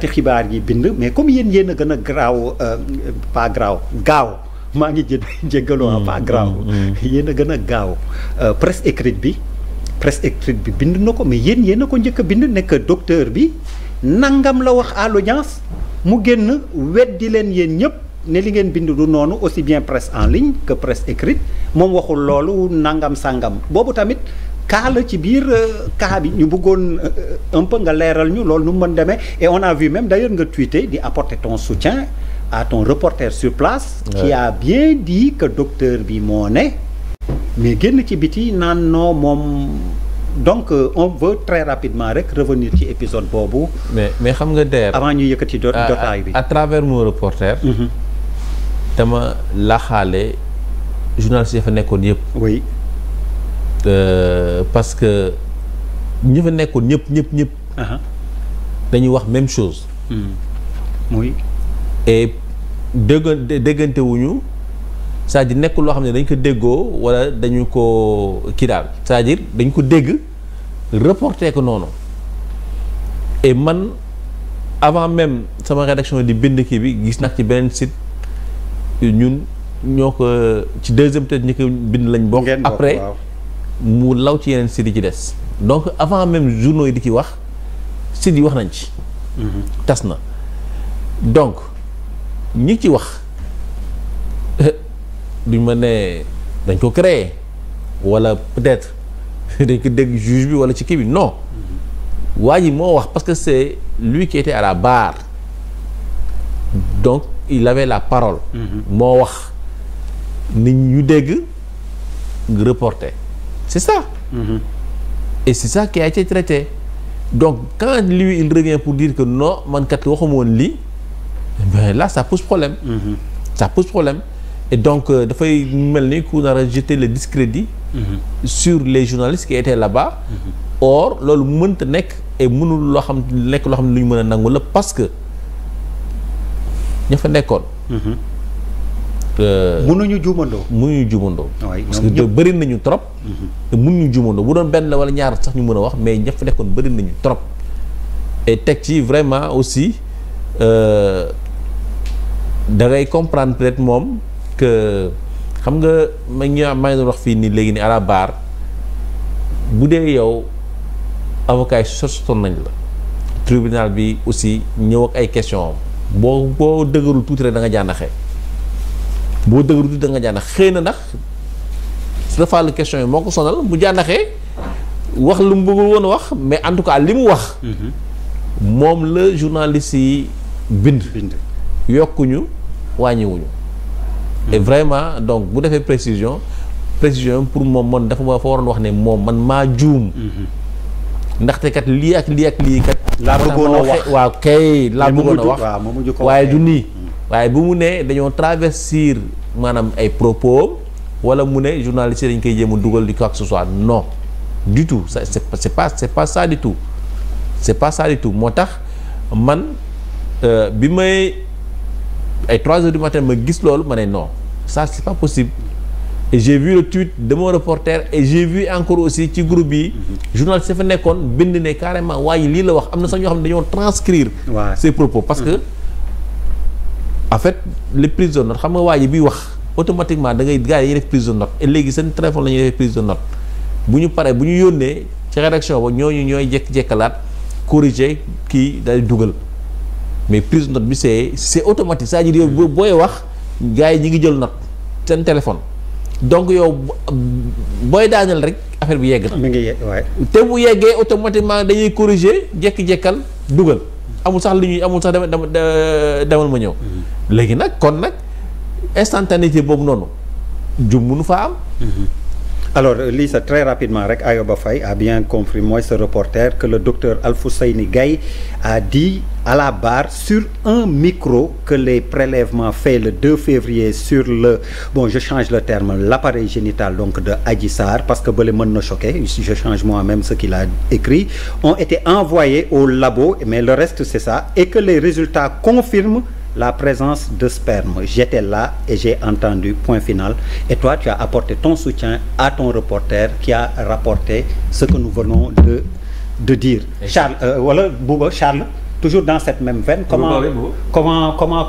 te xibaar yi bind mais comme yéen yéen a gën a graaw euh, pas graaw gaaw maa ngi jé jéggaloo pas graaw mm, mm, mm. yéen a gën a gaaw euh, presse écrite bi presse écrite bi bind na ko mais yéen yéen a ko njëkk a bind nekk docteur bi nangam la wax à l'audience mu génn weddi leen yéen ñëpp ne li ngeen bind du noonu aussi bien presse en ligne que presse écrite moom waxul loolu nangam sangam boobu tamit cas la ci biir euh, cas bi ñu bëggoon euh, un nga leeral ñu loolu nu mu mën demee et on a vu même d'ailleurs nga tweeté di apporter ton soutien à ton reporter sur place ouais. a bien di que docteur bi moo ne mais génn ci biti naan noo moom donc euh, on veut très rapidement rek revenir ci épisode boobu. mais mais xam nga der avant ñu yëkkati jotaay bi à travers mon reporter. Mhm. dama laaxaale journaliste yi fa nekkoon yëpp. Euh, parce que ñi fa nekkoon ñëpp ñëpp ñëpp. dañuy wax même chose. Hmm. oui. et dégg déggante wuñu nekkul loo xam ne dañ ko déggoo wala dañu ko kii daal cest dañ ko dégg reporté ko noonu et man avant même sama rédaction di bind kii bi gis nag ci beneen sit ñun ñoo ko ci deuxième tête ñi ko bind lañ bokk après mu law ci yeneen site yi ci des donc avant même journaux yi di ci wax site yi wax nañ ci mm-hmm. tas na donc ñi ci wax duñ ma ne dañ ko créer wala peut-être dañ ko dégg juge bi wala ci kii bi non mm-hmm. moo wax parce que c'est lui qui était à la barre donc il avait la parole mm-hmm. moo wax nit ñu dégg reporter c'est ça. Mmh. et c'est ça qui a été traité donc quand lui il revient pour dire ko noo man kat waxuma woon lii ben là ça pose problème. Mmh. ça problème et donc euh, dafay mel ni ku nar a jeter le discrédit. Mm-hmm. sur les journalistes qui étaient là-bas. Mm-hmm. or loolu mënta nekk et mënul loo xam nekk loo xam ne lu ñu mën a nangu la parce que ña fa nekkoon. Mm-hmm. Euh, mënuñu juumandoo mënuñu juumandoo ah parce que bari nañu trop mhm. te mënuñu juumandoo bu doon benn la wala ñaar sax ñu mën a wax mais ñëpp fa nekkoon bëri nañu trop et teg ci vraiment aussi euh, da ngay comprendre être moom que xam nga ma ñu maa wax fii nii léegi nii à la barre bu dee yow avocat yi sosoon nañ la tribunal bi aussi ñëw ak ay question boo boo dëgërul tuuti rek da nga jànnaxee boo dëgëru di danga nga xëy na ndax dafaalu question yi moo ko sonal bu jànnaxee wax lu mu bëggul woon wax mais en tout cas li mu wax mhm. moom la journaliste yi bind yokkuñu wàññiwuñu et mhm. vraiment donc bu defee précision précision pour moom man dafa ma fa waroon wax ne moom man maa juum mhm. ndaxte kat lii ak lii ak lii kat laa bëggoon a wax waaw kay laa bëggoon a wax waaye du nii waaye bu mu nee dañoo travestir maanaam ay propos wala mu ne journaliste dañ koy jéem a dugal di quoi que ce soit non du tout c'est c'est pas c'est pas ça du c'est du tout moo tax man euh, bi may ay 3 heures du matin ma gis loolu ma ne non ça c'est pas possible et j'ai vu le tweet de mon reporter et j'ai encore aussi ci groupe bi mhm. journaliste fa nekkoon bind ne carrément waaye lii la wax am na sax ñoo xam ne dañoo transcrire ses propos parce que mhm. en fait les prises de note xam nga waa ji biy wax automatiquement da ngay gars yi def prise de note léegi seen téléphone la ñuy def prise de note bu ñu paree bu ñu yónnee ci rédaction ba ñooñu ñooy jekk-jekkalaat corriger kii day dugal mais prise de note bi c'est c'est automatique cest à yow boo booy wax gars yi ñi ngi jël note seen téléphone donc yow booy daaneel rek affaire bi yegg na. mi ngi yegg waaye. te bu yeggee automatiquement dañuy corriger jekk-jekkal dugal amul sax li ñuy amul sax demal demal ma ñëw. léegi nag kon nag instantanéité boobu noonu jum mënu fa am. Mm-hmm. alors euh, Lisa très rapidement rek Ayoba Faye a bien compris mooy ce reporter que le docteur Alfousseyni Gaye a dit à la barre sur un micro que les prélèvements faits le 2 février sur le bon je change le terme l'appareil génital donc de Adji Sarr parce que bële mën na choquer je change moi-même ce qu'il a écrit ont été envoyés au labo mais le reste c'est ça et que les résultats confirment la présence de sperme. J'étais là et j'ai entendu, point final. Et toi, tu as apporté ton soutien à ton reporter qui a rapporté ce que nous venons de, de dire. Et Charles, euh, voilà, Bouba, Charles, toujours dans cette même veine, comment, Bouba, oui, Bouba. comment, comment